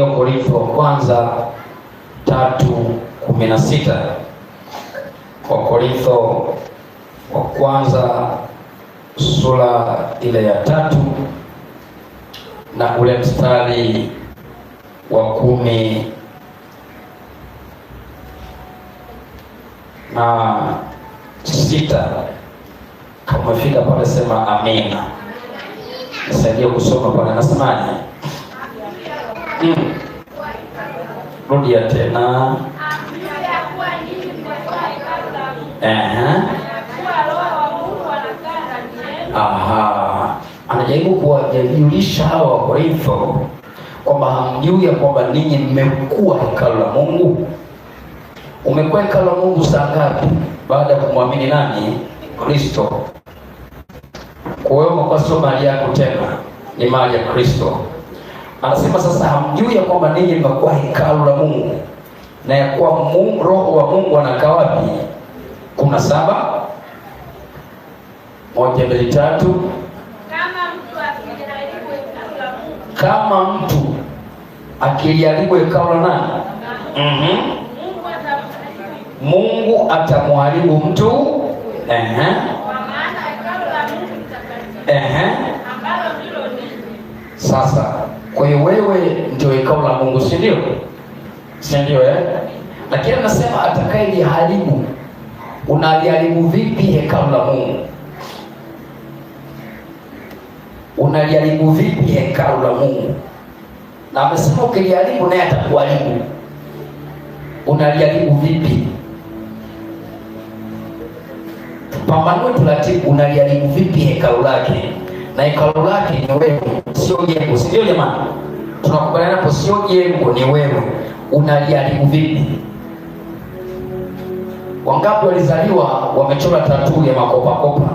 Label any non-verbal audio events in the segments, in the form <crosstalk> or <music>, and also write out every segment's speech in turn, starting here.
angalia Korintho wa kwanza tatu kumi na sita wakorintho Korintho wa kwanza sura ile ya tatu na ule mstari wa kumi na sita Kama umefika pale sema amina. Nisaidie kusoma pale, nasemaje? Rudia tena. Aha. Anajaribu kuwajulisha hawa wa kwamba hamjui ya kwamba ninyi mmekuwa hekalu la Mungu. Umekuwa hekalu la Mungu saa ngapi baada ya kumwamini nani? Kristo. Kwa hiyo umekuwa sio mali yako tena, ni mali ya Kristo. Anasema sasa hamjui ya kwamba ninyi mmekuwa hekalu la Mungu na ya kuwa Roho wa Mungu anakaa wapi? kumi na saba moja mbili tatu. Kama mtu akijaribu hekalu la nani? Mhm, Mungu atamwaribu mtu. Ehe, ehe. Sasa kwa hiyo wewe ndio ikao la Mungu, si ndio? Si ndio eh? Lakini anasema atakayeliharibu. Unaliharibu vipi hekalu la Mungu? Unaliharibu vipi hekalu la Mungu? Na amesema ukiliharibu naye atakuharibu. Unaliharibu vipi? Tupambanue, turatibu. Unaliharibu vipi hekalu lake? na ikalo lake ni wewe, sio jengo, si ndio? Jamani, tunakubaliana hapo, sio jengo, ni wewe. Unaliharibu vipi? Wangapi walizaliwa wamechora tatuu ya makopakopa,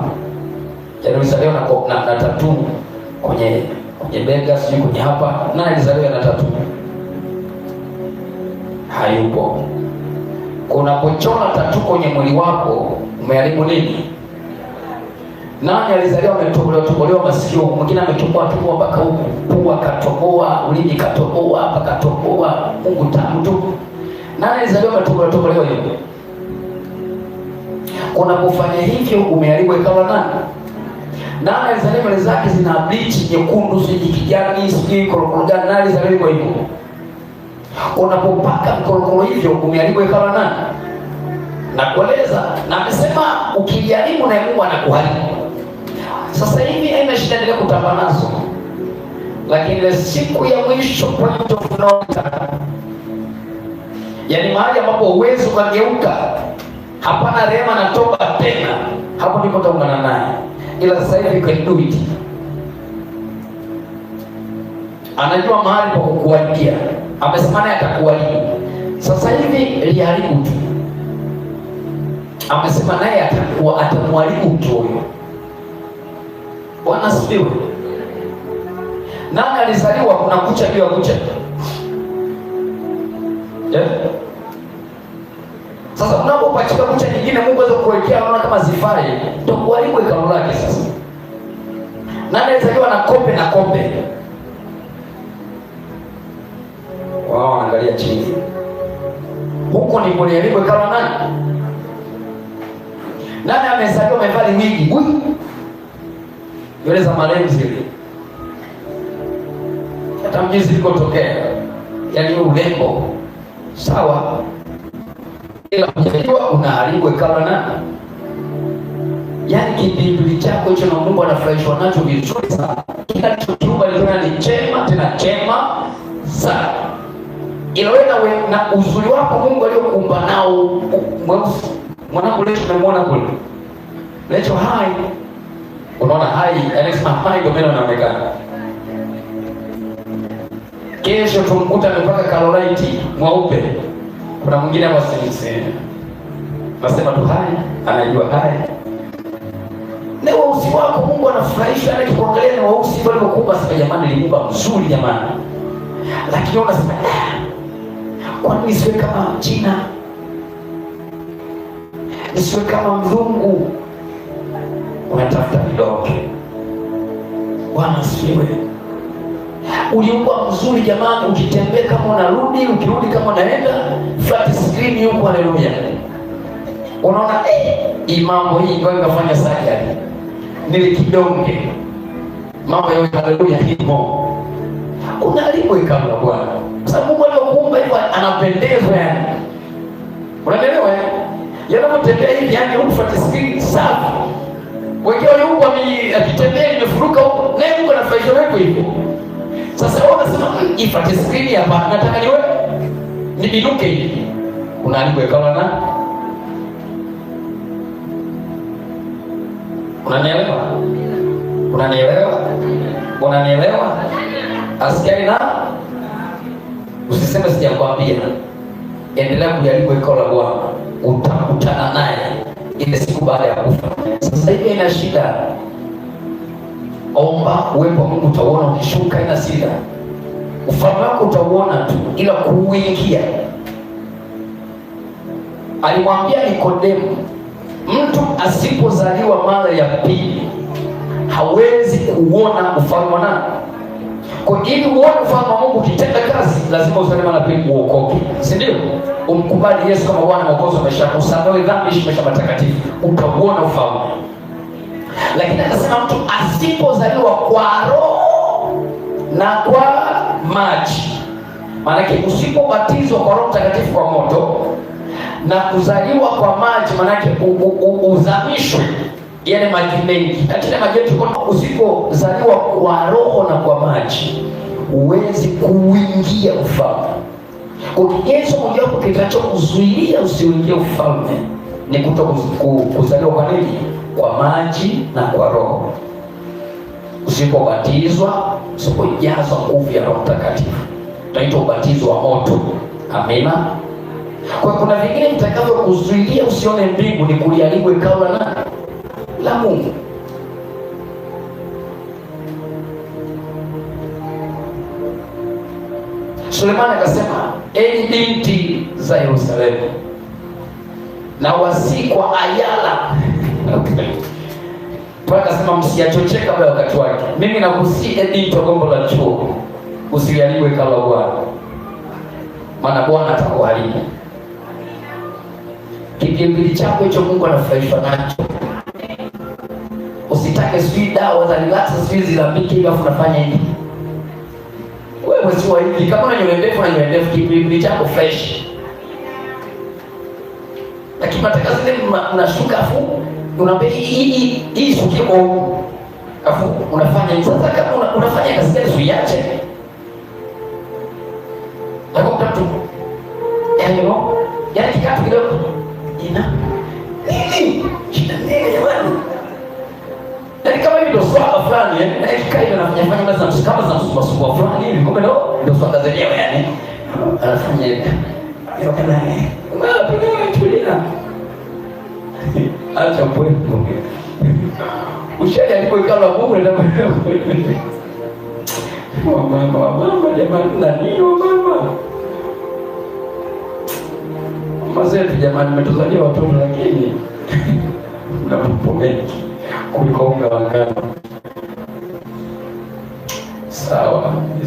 yaani walizaliwa na, na, na tatuu kwenye kwenye bega, sijui kwenye hapa. na alizaliwa na tatuu? Hayupo. Unapochora tatuu kwenye mwili wako umeharibu nini? Nani alizaliwa ametokolewa tokolewa masikio, mwingine ametoboa toboa mpaka huku, pua katokoa, ulimi katokoa, hapa katoboa, Mungu tamu tu. Nani alizaliwa ametokolewa tokolewa hiyo? Kuna kufanya hivyo umeharibu ikawa nani? Nani alizaliwa nywele zake zina bleach nyekundu, sijui kijani, sijui korokoro gani? Nani alizaliwa hivyo? Unapopaka mkorokoro hivyo umeharibu ikawa nani? Nakueleza na amesema ukijaribu na Mungu anakuharibu. Sasa hivi shida itaendelea kupambana nazo, lakini siku ya mwisho point of yaani mahali ambapo uwezo ukageuka, hapana rehema na toba tena, hapo ndipo utaungana naye. Ila sasa hivi can anajua mahali pa kukuharibia, amesema naye atakuharibu. Sasa hivi liharibu tu, amesema naye atakuwa atamuharibu mtu huyo. Bwana asifiwe. Nani alizaliwa kuna kucha juu ya kucha? Yeah. Sasa unapopachika kucha nyingine Mungu aweza kuwekea unaona kama zifai, ndio hekalu lake sasa. Nani alizaliwa na kope na kope? Wao wanaangalia chini. Huko ni kuliharibu hekalu nani? Nani amezaliwa amevali wigi? Huyu nywele za malezi ile, hata liko zilikotokea, yaani urembo sawa, ila unajua unaharibu hekalo na yani kipinduli chako hicho, na Mungu anafurahishwa nacho vizuri sana. Kila kiumbe aliona ni chema tena chema sana, ila we na uzuri wako Mungu aliyokuumba nao mweusi. Mwanangu leo tumemwona kule, leo hai Unaona hai anasema hai, ndio meno yanaonekana. Kesho tumkuta amepaka kaloraiti mweupe. Kuna mwingine hapo sisi nasema tu hai, anajua hai na weusi wako. Mungu anafurahisha, yaani tukuangalia ni weusi hivyo alivyokuumba. Sasa jamani, niliumba mzuri jamani, lakini unasema ah, kwa nini siwe kama Mchina, nisiwe kama mzungu unatafuta vidonge. Bwana asifiwe. Uliokuwa mzuri jamani, ukitembea kama unarudi, ukirudi kama unaenda flat screen yuko. haleluya. Unaona eh, mambo hii ndio nikafanya sajari. Nili kidonge. Mambo yote haleluya hakuna alipo ikamla Bwana. Sababu Mungu aliyokuumba hivyo anapendezwa yani. Unaelewa? Eh? Yanapotembea hivi yani screen safi wengine huko akitembea nimefuruka huko, naye Mungu anafurahisha wewe hivyo. Sasa wewe unasema ah, ifuate skrini hapa, nataka niwe nibinuke hivi, unaalikwa ikawa na unanielewa, unanielewa, unanielewa, askari na usiseme sijakwambia, endelea kujaribu ikawa la Bwana, utakutana naye ile siku baada ya kufa. Sasa hivi ina shida, omba uwepo wa Mungu utauona ukishuka, ina shida. Ufalme wako utauona tu, ila kuuingia. Alimwambia Nikodemu, mtu asipozaliwa mara ya pili hawezi kuona ufalme wa nani? Kwa ili uone ufalme wa Mungu ukitenda kazi, lazima usalimu na pia uokoke, si ndio? Umkubali Yesu kama Bwana Mwokozi wa maisha yako, usamehe dhambi, ishi maisha matakatifu, utaona ufalme. Lakini akasema mtu asipozaliwa kwa roho na kwa maji, maanake usipobatizwa kwa Roho Mtakatifu kwa moto na kuzaliwa kwa maji, maanake uzamishwe yale maji mengi, lakini maji yetu usipozaliwa kwa roho na kwa maji huwezi kuingia ufalme. Kigezo mojawapo kinachokuzuia usiingie ufalme ni kuto kuzaliwa kwa nini? Kwa maji na kwa roho. Usipobatizwa, usipojazwa nguvu ya Roho Mtakatifu, naitwa ubatizo wa moto. Amina. Kwa kuna vingine vitakavyokuzuilia usione mbingu ni kulialiwe kawa nani la Mungu. Sulemani akasema, enyi binti za Yerusalemu, na wasi kwa Ayala <laughs> akasema kasema kabla ya wakati wake. Mimi nakusii ebinti wa gombo la chuo, usiliharibu hekalu la Bwana, maana Bwana atakuharibu. Kipindi chako hicho Mungu anafurahishwa nacho usitake sijui dawa za relax sijui zilambiki hivi, afu unafanya hivi. Wewe msiwa hivi, kama una nywele ndefu na nywele ndefu, kipindi chako fresh, lakini nataka zile mnashuka afu unaambia hii hii hii sukie kwa huku, afu unafanya hivi. Sasa kama una, unafanya kazi zile Usiache lakini mtu yani, yani kitu kidogo ina nini, shida nini jamani? Yaani kama hivi ndio swala fulani yani na hii kaida anafanya fanya kazi na mshikama za msumbua fulani hivi kumbe ndio ndio swala zenyewe yani. Anafanya hivi. Ndio kana eh. Mbona pengine tulia. Acha mbwe mbwe. <laughs> alipo ikalo na Mungu ndio kwa <laughs> mama mama jamani na nini mama. Mazetu jamani, umetuzania watoto lakini <laughs> mnapopomeni kuliko unga wa ngano. Sawa.